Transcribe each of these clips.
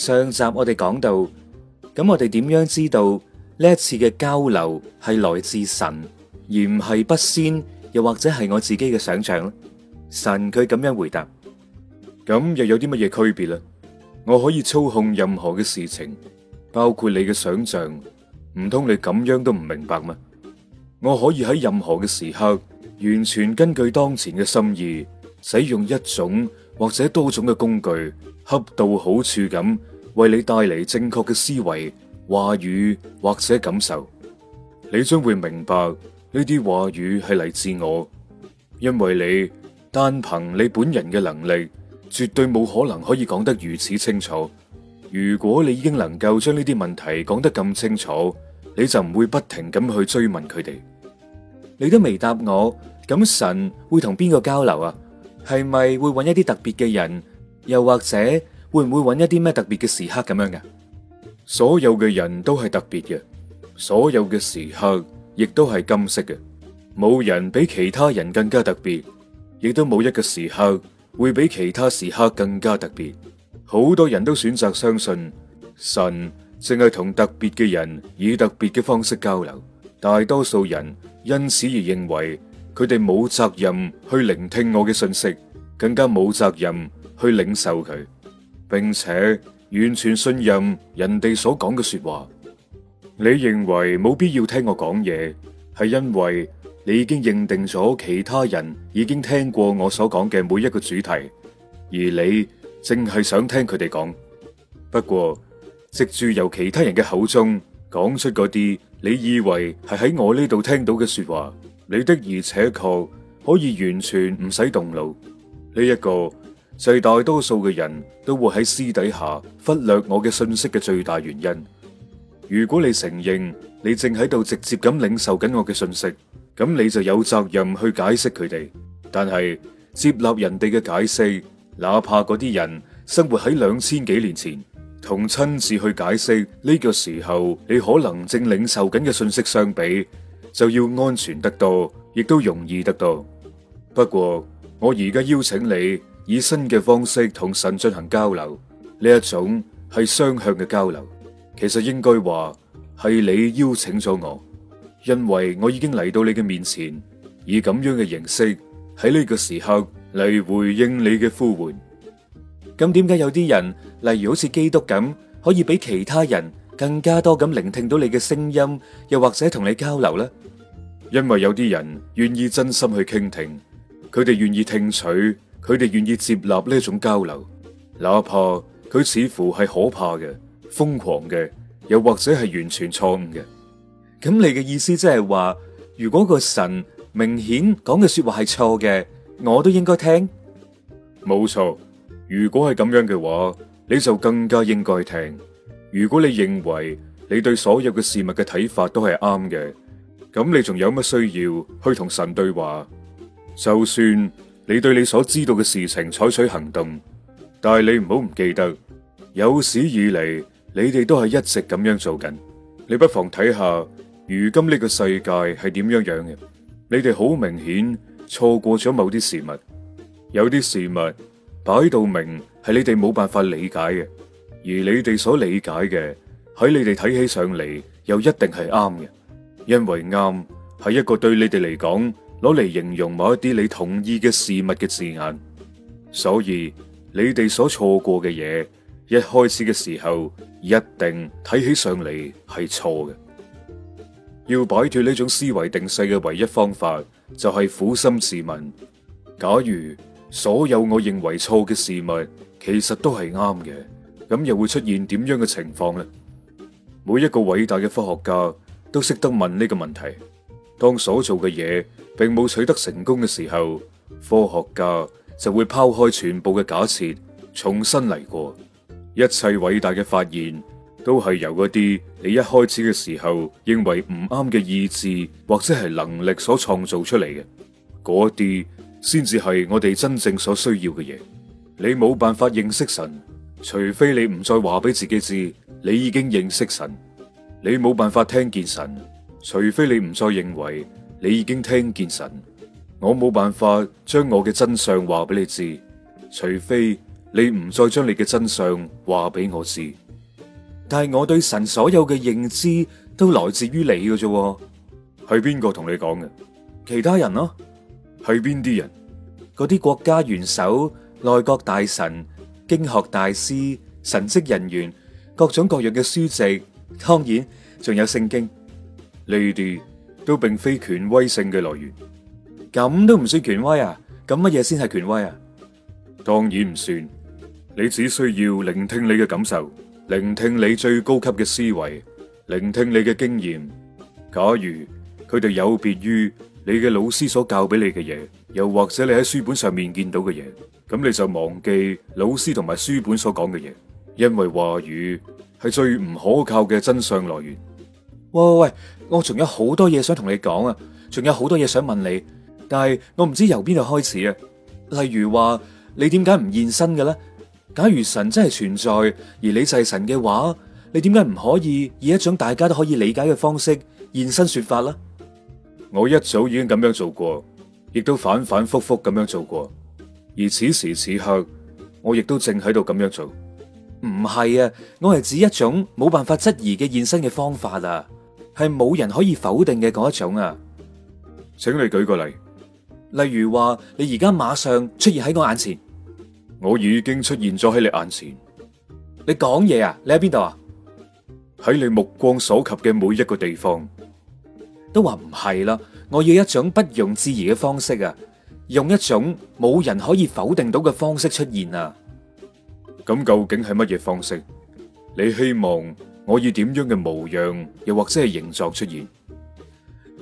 上集我哋講到，咁我哋點樣知道呢一次嘅交流係來自神，而唔係不仙，又或者係我自己嘅想象呢？神佢咁樣回答，咁又有啲乜嘢區別呢？我可以操控任何嘅事情，包括你嘅想象，唔通你咁樣都唔明白嗎？我可以喺任何嘅時刻，完全根據當前嘅心意，使用一種或者多種嘅工具。恰到好處咁為你帶嚟正確嘅思維、話語或者感受，你將會明白呢啲話語係嚟自我，因為你單憑你本人嘅能力，絕對冇可能可以講得如此清楚。如果你已經能夠將呢啲問題講得咁清楚，你就唔會不停咁去追問佢哋。你都未答我，咁神會同邊個交流啊？係咪會揾一啲特別嘅人？又或者會唔會揾一啲咩特別嘅時刻咁樣嘅啊？所有嘅人都係特別嘅，所有嘅時刻亦都係金色嘅。冇人比其他人更加特別，亦都冇一個時刻會比其他時刻更加特別。好多人都選擇相信神淨係同特別嘅人以特別嘅方式交流。大多數人因此而認為，佢哋冇責任去聆聽我嘅信息，更加冇責任。去領受佢，並且完全信任人哋所講嘅說話。你認為冇必要聽我講嘢，係因為你已經認定咗其他人已經聽過我所講嘅每一個主題，而你淨係想聽佢哋講。不過，藉住由其他人嘅口中講出嗰啲，你以為係喺我呢度聽到嘅說話，你的而且確可以完全唔使動腦呢一個最大多數嘅人都會喺私底下忽略我嘅信息嘅最大原因。如果你承認你正喺度直接咁領受緊我嘅信息，咁你就有責任去解釋佢哋。但係接納人哋嘅解釋，哪怕嗰啲人生活喺兩千幾年前，同親自去解釋呢個時候，你可能正領受緊嘅信息相比，就要安全得多，亦都容易得多。不過，我而家邀請你。以新嘅方式同神進行交流，呢一種係雙向嘅交流。其實應該話係你邀請咗我，因為我已經嚟到你嘅面前，以咁樣嘅形式喺呢個時刻嚟回應你嘅呼喚。咁點解有啲人，例如好似基督咁，可以比其他人更加多咁聆聽到你嘅聲音，又或者同你交流呢？因為有啲人願意真心去傾聽，佢哋願意聽取。佢哋願意接納呢種交流，哪怕佢似乎係可怕嘅、瘋狂嘅，又或者係完全錯誤嘅。咁你嘅意思即係話，如果個神明顯講嘅說話係錯嘅，我都應該聽？冇錯，如果係咁樣嘅話，你就更加應該聽。如果你認為你對所有嘅事物嘅睇法都係啱嘅，咁你仲有乜需要去同神對話？就算。你對你所知道嘅事情採取行動，但係你唔好唔記得，有史以嚟你哋都係一直咁樣做緊。你不妨睇下，如今呢個世界係點樣樣嘅？你哋好明顯錯過咗某啲事物，有啲事物擺到明係你哋冇辦法理解嘅，而你哋所理解嘅喺你哋睇起上嚟又一定係啱嘅，因為啱係一個對你哋嚟講。攞嚟形容某一啲你同意嘅事物嘅字眼，所以你哋所錯過嘅嘢，一開始嘅時候一定睇起上嚟係錯嘅。要擺脫呢種思維定勢嘅唯一方法，就係苦心自問：假如所有我認為錯嘅事物，其實都係啱嘅，咁又會出現點樣嘅情況呢？每一個偉大嘅科學家都識得問呢個問題。當所做嘅嘢並冇取得成功嘅時候，科學家就會拋開全部嘅假設，重新嚟過。一切偉大嘅發現都係由嗰啲你一開始嘅時候認為唔啱嘅意志或者係能力所創造出嚟嘅，嗰啲先至係我哋真正所需要嘅嘢。你冇辦法認識神，除非你唔再話俾自己知你已經認識神。你冇辦法聽見神。除非你唔再認為你已經聽見神，我冇辦法將我嘅真相話俾你知。除非你唔再將你嘅真相話俾我知。但係我對神所有嘅認知都來自於你嘅啫，係邊個同你講嘅？其他人咯，啊，係邊啲人？嗰啲國家元首、內閣大臣、經學大師、神職人員、各種各樣嘅書籍，當然仲有聖經。呢啲都並非權威性嘅來源。咁都唔算權威啊？咁乜嘢先係權威啊？當然唔算。你只需要聆聽你嘅感受，聆聽你最高級嘅思維，聆聽你嘅經驗。假如佢哋有別於你嘅老師所教俾你嘅嘢，又或者你喺書本上面見到嘅嘢，咁你就忘記老師同埋書本所講嘅嘢，因為話語係最唔可靠嘅真相來源。喂喂喂！我仲有好多嘢想同你講啊，仲有好多嘢想問你，但係我唔知由邊度開始啊。例如話，你點解唔現身嘅咧？假如神真係存在而你就係神嘅話，你點解唔可以以一種大家都可以理解嘅方式現身說法啦？我一早已經咁樣做過，亦都反反复复咁樣做過，而此時此刻我亦都正喺度咁樣做。唔係啊，我係指一種冇辦法質疑嘅現身嘅方法啊。係冇人可以否定嘅嗰一種啊，請你舉個例，例如話你而家馬上出現喺我眼前，我已經出現咗喺你眼前。你講嘢啊，你喺邊度啊？喺你目光所及嘅每一個地方，都話唔係啦。我要一種不容置疑嘅方式啊，用一種冇人可以否定到嘅方式出現啊。咁究竟係乜嘢方式？你希望？我以點樣嘅模樣，又或者係形狀出現？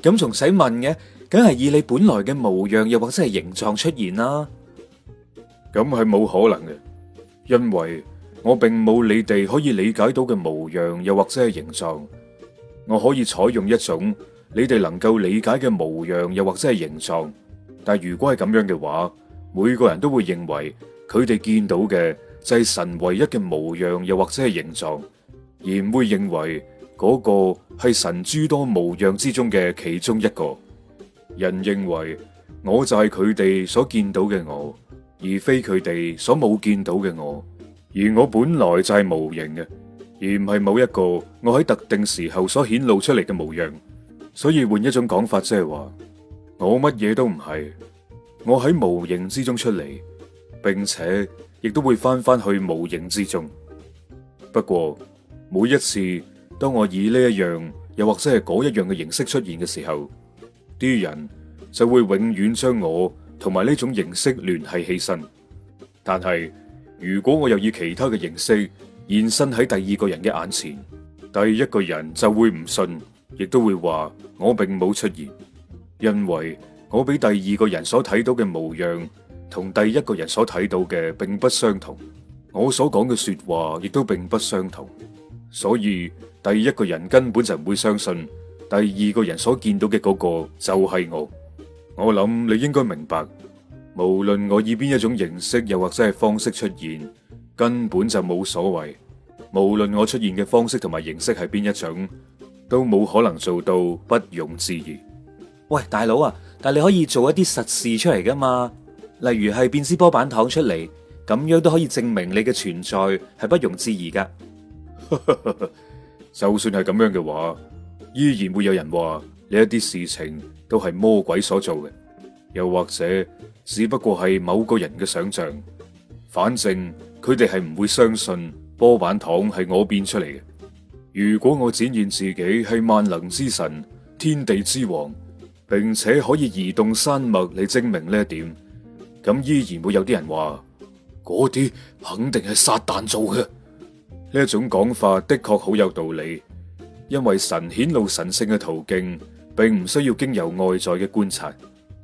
咁仲使問嘅？梗係以你本來嘅模樣，又或者係形狀出現啦。咁係冇可能嘅，因為我並冇你哋可以理解到嘅模樣，又或者係形狀。我可以採用一種你哋能夠理解嘅模樣，又或者係形狀。但係如果係咁樣嘅話，每個人都會認為佢哋見到嘅就係神唯一嘅模樣，又或者係形狀。而唔會認為嗰個係神諸多模樣之中嘅其中一個。人認為我就係佢哋所見到嘅我，而非佢哋所冇見到嘅我。而我本來就係無形嘅，而唔係某一個我喺特定時候所顯露出嚟嘅模樣。所以換一種講法，即係話我乜嘢都唔係，我喺無形之中出嚟，並且亦都會翻翻去無形之中。不過。每一次，當我以呢一樣又或者係嗰一樣嘅形式出現嘅時候，啲人就會永遠將我同埋呢種形式聯繫起身。但係如果我又以其他嘅形式現身喺第二個人嘅眼前，第一個人就會唔信，亦都會話我並冇出現，因為我俾第二個人所睇到嘅模樣同第一個人所睇到嘅並不相同，我所講嘅說話亦都並不相同。所以，第一個人根本就唔會相信，第二個人所見到嘅嗰個就係我。我諗你應該明白，無論我以邊一種形式又或者係方式出現，根本就冇所謂。無論我出現嘅方式同埋形式係邊一種，都冇可能做到不容置疑。喂，大佬啊，但你可以做一啲實事出嚟噶嘛？例如係變支波板糖出嚟，咁樣都可以證明你嘅存在係不容置疑噶。 就算係咁樣嘅話，依然會有人話呢一啲事情都係魔鬼所做嘅，又或者只不過係某個人嘅想象。反正佢哋係唔會相信波板糖係我變出嚟嘅。如果我展現自己係萬能之神、天地之王，並且可以移動山脈嚟證明呢一點，咁依然會有啲人話嗰啲肯定係撒旦做嘅。呢一種講法的確好有道理，因為神顯露神性嘅途徑，並唔需要經由外在嘅觀察，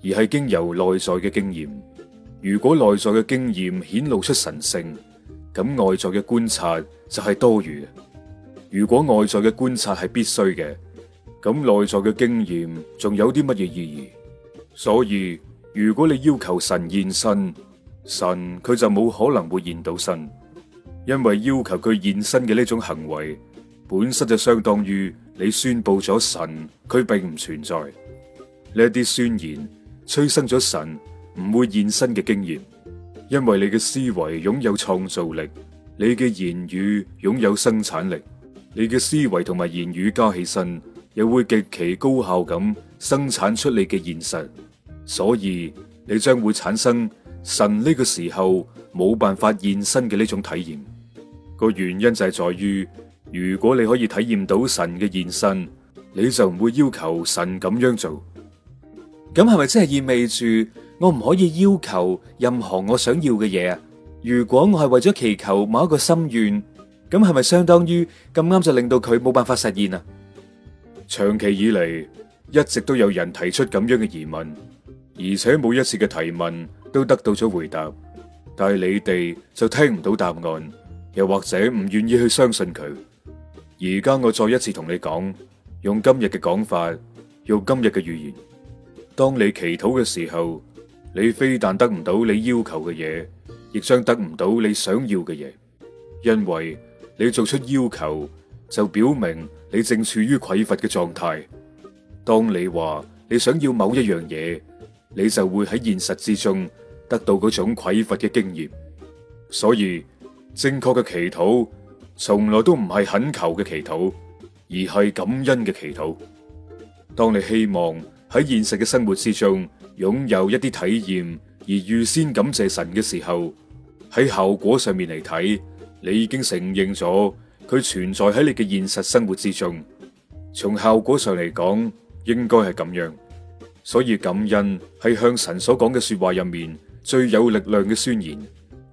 而係經由內在嘅經驗。如果內在嘅經驗顯露出神性，咁外在嘅觀察就係多餘。如果外在嘅觀察係必須嘅，咁內在嘅經驗仲有啲乜嘢意義？所以如果你要求神現身，神佢就冇可能會現到身。因為要求佢現身嘅呢種行為，本身就相當於你宣布咗神，佢並唔存在。呢啲宣言，催生咗神唔會現身嘅經驗。因為你嘅思維擁有創造力，你嘅言語擁有生產力，你嘅思維同埋言語加起身，又會極其高效咁生產出你嘅現實。所以你將會產生神呢個時候冇辦法現身嘅呢種體驗。個原因就係在於，如果你可以體驗到神嘅現身，你就唔會要求神咁樣做。咁係咪真係意味住我唔可以要求任何我想要嘅嘢啊？如果我係為咗祈求某一個心願，咁係咪相當於咁啱就令到佢冇辦法實現啊？長期以嚟，一直都有人提出咁樣嘅疑問，而且每一次嘅提問都得到咗回答，但係你哋就聽唔到答案。又或者唔願意去相信佢。而家我再一次同你講，用今日嘅講法，用今日嘅語言。當你祈禱嘅時候，你非但得唔到你要求嘅嘢，亦將得唔到你想要嘅嘢，因為你做出要求就表明你正處於匱乏嘅狀態。當你話你想要某一樣嘢，你就會喺現實之中得到嗰種匱乏嘅經驗。所以。正確嘅祈禱從來都唔係懇求嘅祈禱，而係感恩嘅祈禱。當你希望喺現實嘅生活之中擁有一啲體驗而預先感謝神嘅時候，喺效果上面嚟睇，你已經承認咗佢存在喺你嘅現實生活之中。從效果上嚟講，應該係咁樣。所以感恩係向神所講嘅說話入面最有力量嘅宣言。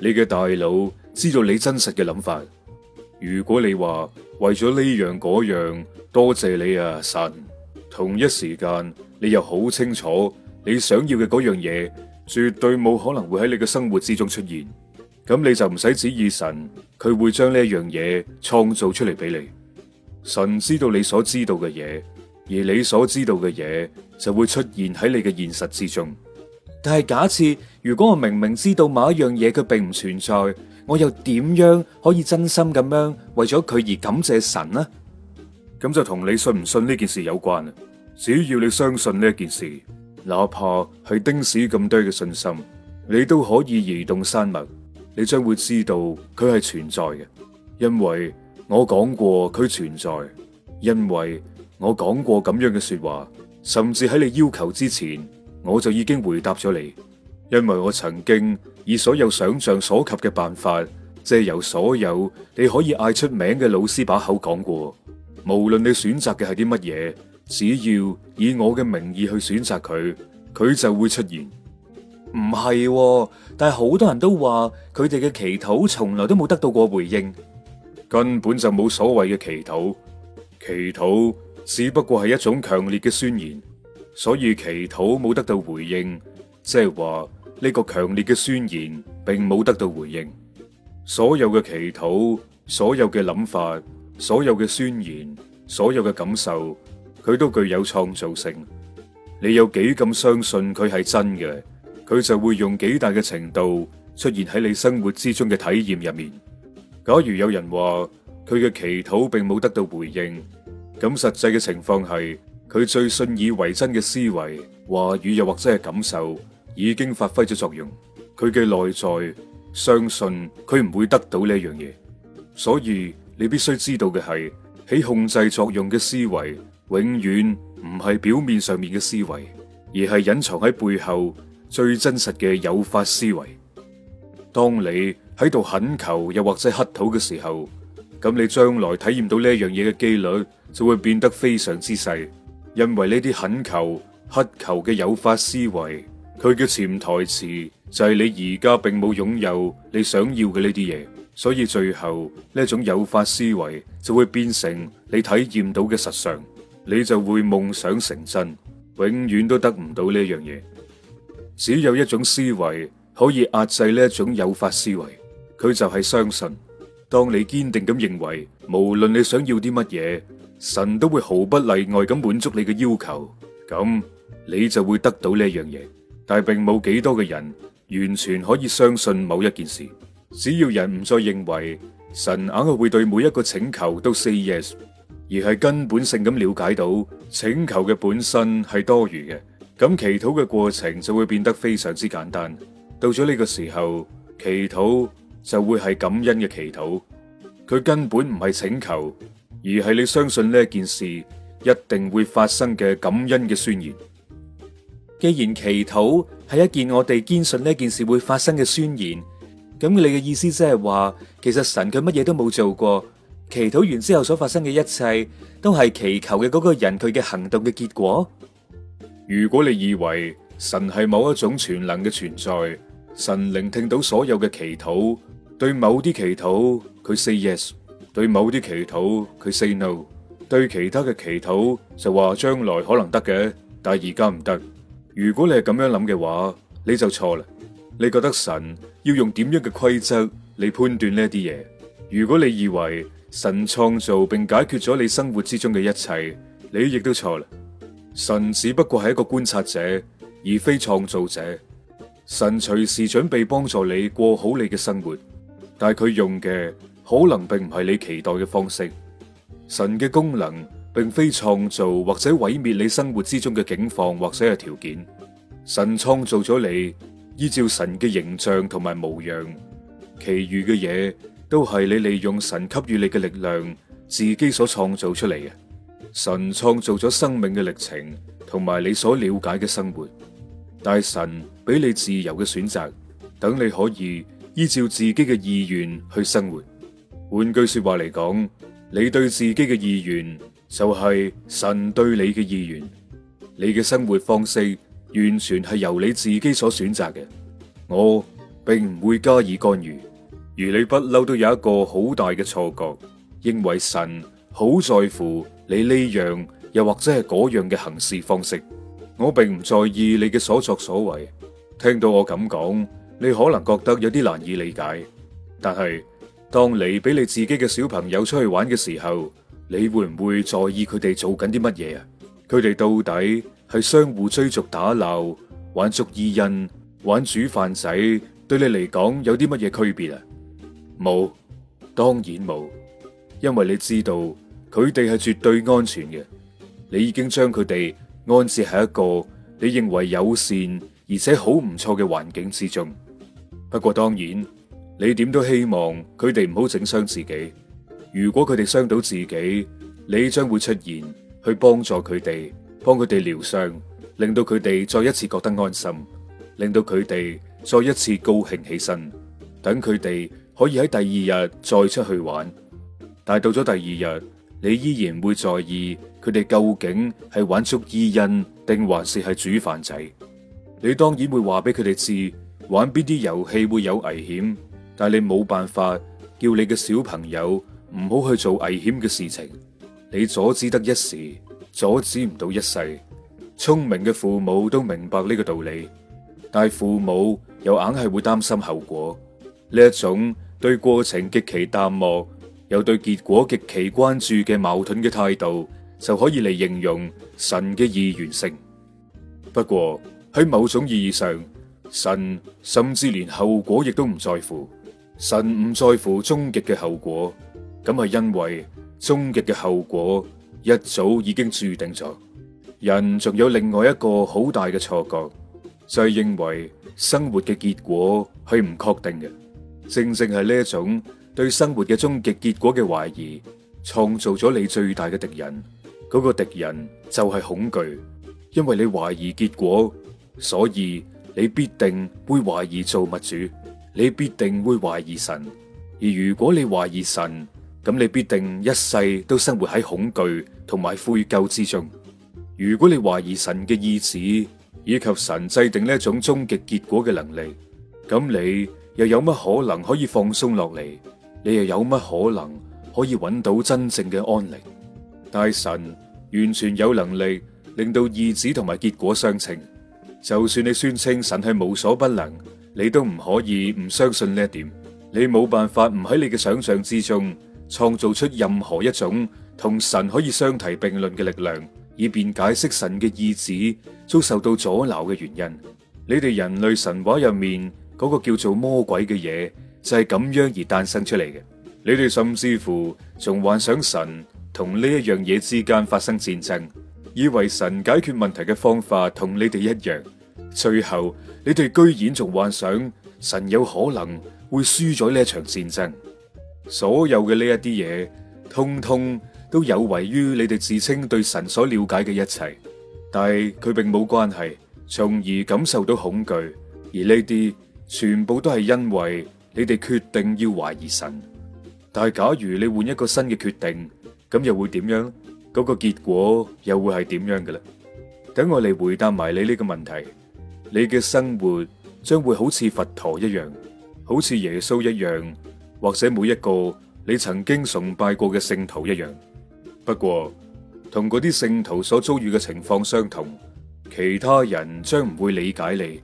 你嘅大腦知道你真實嘅諗法。如果你話為咗呢樣嗰樣，多謝你啊神。同一時間，你又好清楚你想要嘅嗰樣嘢，絕對冇可能會喺你嘅生活之中出現。咁你就唔使指意神，佢會將呢樣嘢創造出嚟俾你。神知道你所知道嘅嘢，而你所知道嘅嘢就會出現喺你嘅現實之中。但係假設，如果我明明知道某一樣嘢，佢並唔存在，我又點樣可以真心咁樣為咗佢而感謝神呢？咁就同你信唔信呢件事有關啦。只要你相信呢件事，哪怕係丁屎咁多嘅信心，你都可以移動山脈，你將會知道佢係存在嘅，因為我講過佢存在，因為我講過咁樣嘅說話，甚至喺你要求之前，我就已經回答咗你，因為我曾經以所有想象所及嘅辦法，借由所有你可以嗌出名嘅老師把口講過，無論你選擇嘅係啲乜嘢，只要以我嘅名義去選擇佢，佢就會出現。唔係喎？但係好多人都話佢哋嘅祈禱從來都冇得到過回應，根本就冇所謂嘅祈禱，祈禱只不過係一種強烈嘅宣言。所以祈禱冇得到回應，即係話呢個強烈嘅宣言並冇得到回應。所有嘅祈禱、所有嘅諗法、所有嘅宣言、所有嘅感受，佢都具有創造性。你有幾咁相信佢係真嘅，佢就會用幾大嘅程度出現喺你生活之中嘅體驗入面。假如有人話佢嘅祈禱並冇得到回應，咁實際嘅情況係：佢最信以為真嘅思維話語，又或者係感受，已經發揮咗作用。佢嘅內在相信佢唔會得到呢一樣嘢，所以你必須知道嘅係，起控制作用嘅思維永遠唔係表面上面嘅思維，而係隱藏喺背後最真實嘅誘發思維。當你喺度懇求，又或者乞討嘅時候，咁你將來體驗到呢一樣嘢嘅幾率就會變得非常之細。因為呢啲懇求、乞求嘅有法思維，佢嘅潛台詞就係你而家並冇擁有你想要嘅呢啲嘢，所以最後呢一種有法思維就會變成你體驗到嘅實相，你就會夢想成真，永遠都得唔到呢樣嘢。只有一種思維可以壓制呢一種有法思維，佢就係相信，當你堅定咁認為，無論你想要啲乜嘢。神都會毫不例外咁滿足你嘅要求，咁你就會得到呢一樣嘢。但係並冇幾多嘅人完全可以相信某一件事。只要人唔再認為神硬係會對每一個請求都 say yes，而係根本性咁了解到請求嘅本身係多餘嘅，咁祈禱嘅過程就會變得非常之簡單。到咗呢個時候，祈禱就會係感恩嘅祈禱，佢根本唔係請求。而係你相信呢件事一定會發生嘅感恩嘅宣言。既然祈禱係一件我哋堅信呢件事會發生嘅宣言，咁你嘅意思即係話，其實神佢乜嘢都冇做過，祈禱完之後所發生嘅一切，都係祈求嘅嗰個人佢嘅行動嘅結果？如果你以為神係某一種全能嘅存在，神聆聽到所有嘅祈禱，對某啲祈禱佢 say yes。對某啲祈禱佢 say no，對其他嘅祈禱就話將來可能得嘅，但係而家唔得。如果你係咁樣諗嘅話，你就錯啦。你覺得神要用點樣嘅規則嚟判斷呢一啲嘢？如果你以為神創造並解決咗你生活之中嘅一切，你亦都錯啦。神只不過係一個觀察者，而非創造者。神隨時準備幫助你過好你嘅生活，但係佢用嘅。可能並唔係你期待嘅方式。神嘅功能並非創造或者毀滅你生活之中嘅境況或者係條件。神創造咗你，依照神嘅形象同埋模樣，其餘嘅嘢，都係你利用神給予你嘅力量自己所創造出嚟嘅。神創造咗生命嘅歷程同埋你所了解嘅生活，但係神俾你自由嘅選擇，等你可以依照自己嘅意願去生活。換句說話嚟講，你對自己嘅意願就係神對你嘅意願，你嘅生活方式完全係由你自己所選擇嘅，我並唔會加以干預。而你不嬲都有一個好大嘅錯覺，認為神好在乎你呢樣又或者係嗰樣嘅行事方式，我並唔在意你嘅所作所為。聽到我咁講，你可能覺得有啲難以理解，但係。當你俾你自己嘅小朋友出去玩嘅時候，你會唔會在意佢哋做緊啲乜嘢啊？佢哋到底係相互追逐打鬧、玩捉伊人、玩煮飯仔，對你嚟講有啲乜嘢區別啊？冇，當然冇，因為你知道佢哋係絕對安全嘅。你已經將佢哋安置喺一個你認為友善而且好唔錯嘅環境之中。不過當然。你點都希望佢哋唔好整傷自己。如果佢哋傷到自己，你將會出現去幫助佢哋，幫佢哋療傷，令到佢哋再一次覺得安心，令到佢哋再一次高興起身，等佢哋可以喺第二日再出去玩。但到咗第二日，你依然會在意佢哋究竟係玩捉伊因定還是係煮飯仔。你當然會話俾佢哋知玩邊啲遊戲會有危險。但你冇辦法叫你嘅小朋友唔好去做危險嘅事情，你阻止得一時，阻止唔到一世。聰明嘅父母都明白呢個道理，但係父母又硬係會擔心後果。呢一種對過程極其淡漠，又對結果極其關注嘅矛盾嘅態度，就可以嚟形容神嘅二元性。不過喺某種意義上，神甚至連後果亦都唔在乎。神唔在乎終極嘅後果，咁係因為終極嘅後果一早已經注定咗。人仲有另外一個好大嘅錯覺，就係認為生活嘅結果係唔確定嘅。正正係呢一種對生活嘅終極結果嘅懷疑，創造咗你最大嘅敵人。嗰個敵人就係恐懼，因為你懷疑結果，所以你必定會懷疑造物主。你必定會懷疑神，而如果你懷疑神，咁你必定一世都生活喺恐懼同埋悔疚之中。如果你懷疑神嘅意志以及神制定呢一種終極結果嘅能力，咁你又有乜可能可以放鬆落嚟？你又有乜可能可以揾到真正嘅安寧？但係神完全有能力令到意志同埋結果相稱，就算你宣稱神係無所不能，你都唔可以唔相信呢一點，你冇辦法唔喺你嘅想象之中創造出任何一種同神可以相提並論嘅力量，以便解釋神嘅意志遭受到阻撓嘅原因。你哋人類神話入面嗰個叫做魔鬼嘅嘢就係咁樣而誕生出嚟嘅。你哋甚至乎仲幻想神同呢一樣嘢之間發生戰爭，以為神解決問題嘅方法同你哋一樣。最後，你哋居然仲幻想神有可能會輸咗呢一場戰爭，所有嘅呢一啲嘢，通通都有違於你哋自稱對神所了解嘅一切。但係佢並冇關係，從而感受到恐懼。而呢啲全部都係因為你哋決定要懷疑神。但係假如你換一個新嘅決定，咁又會點樣？嗰個結果又會係點樣嘅咧？等我嚟回答埋你呢個問題。你嘅生活將會好似佛陀一樣，好似耶穌一樣，或者每一個你曾經崇拜過嘅聖徒一樣。不過，同嗰啲聖徒所遭遇嘅情況相同，其他人將唔會理解你。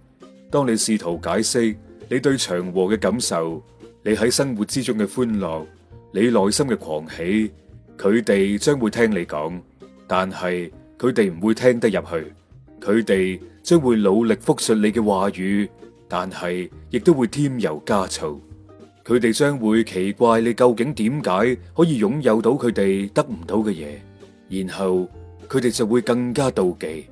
當你試圖解釋你對祥和嘅感受，你喺生活之中嘅歡樂，你內心嘅狂喜，佢哋將會聽你講，但係佢哋唔會聽得入去。佢哋將會努力復述你嘅話語，但係亦都會添油加醋。佢哋將會奇怪你究竟點解可以擁有到佢哋得唔到嘅嘢，然後佢哋就會更加妒忌，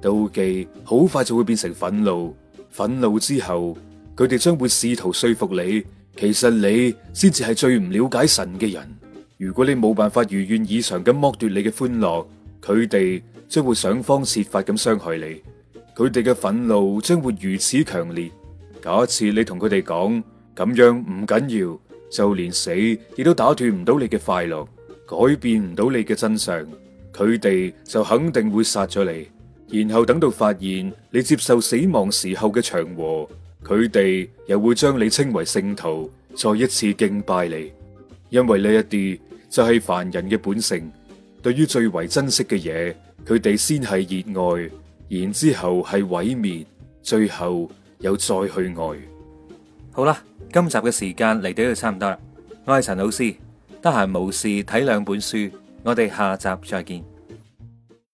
妒忌好快就會變成憤怒。憤怒之後，佢哋將會試圖說服你，其實你先至係最唔了解神嘅人。如果你冇辦法如願以償咁剝奪你嘅歡樂，佢哋將會想方設法咁傷害你，佢哋嘅憤怒將會如此強烈。假設你同佢哋講，咁樣唔緊要，就連死亦都打斷唔到你嘅快樂，改變唔到你嘅真相，佢哋就肯定會殺咗你。然後等到發現你接受死亡時候嘅祥和，佢哋又會將你稱為聖徒，再一次敬拜你。因為呢一啲就係凡人嘅本性，對於最為珍惜嘅嘢。佢哋先係熱愛，然之後係毀滅，最後又再去愛。好啦，今集嘅時間嚟到呢度差唔多啦。我係陳老師，得閒無事睇兩本書，我哋下集再見。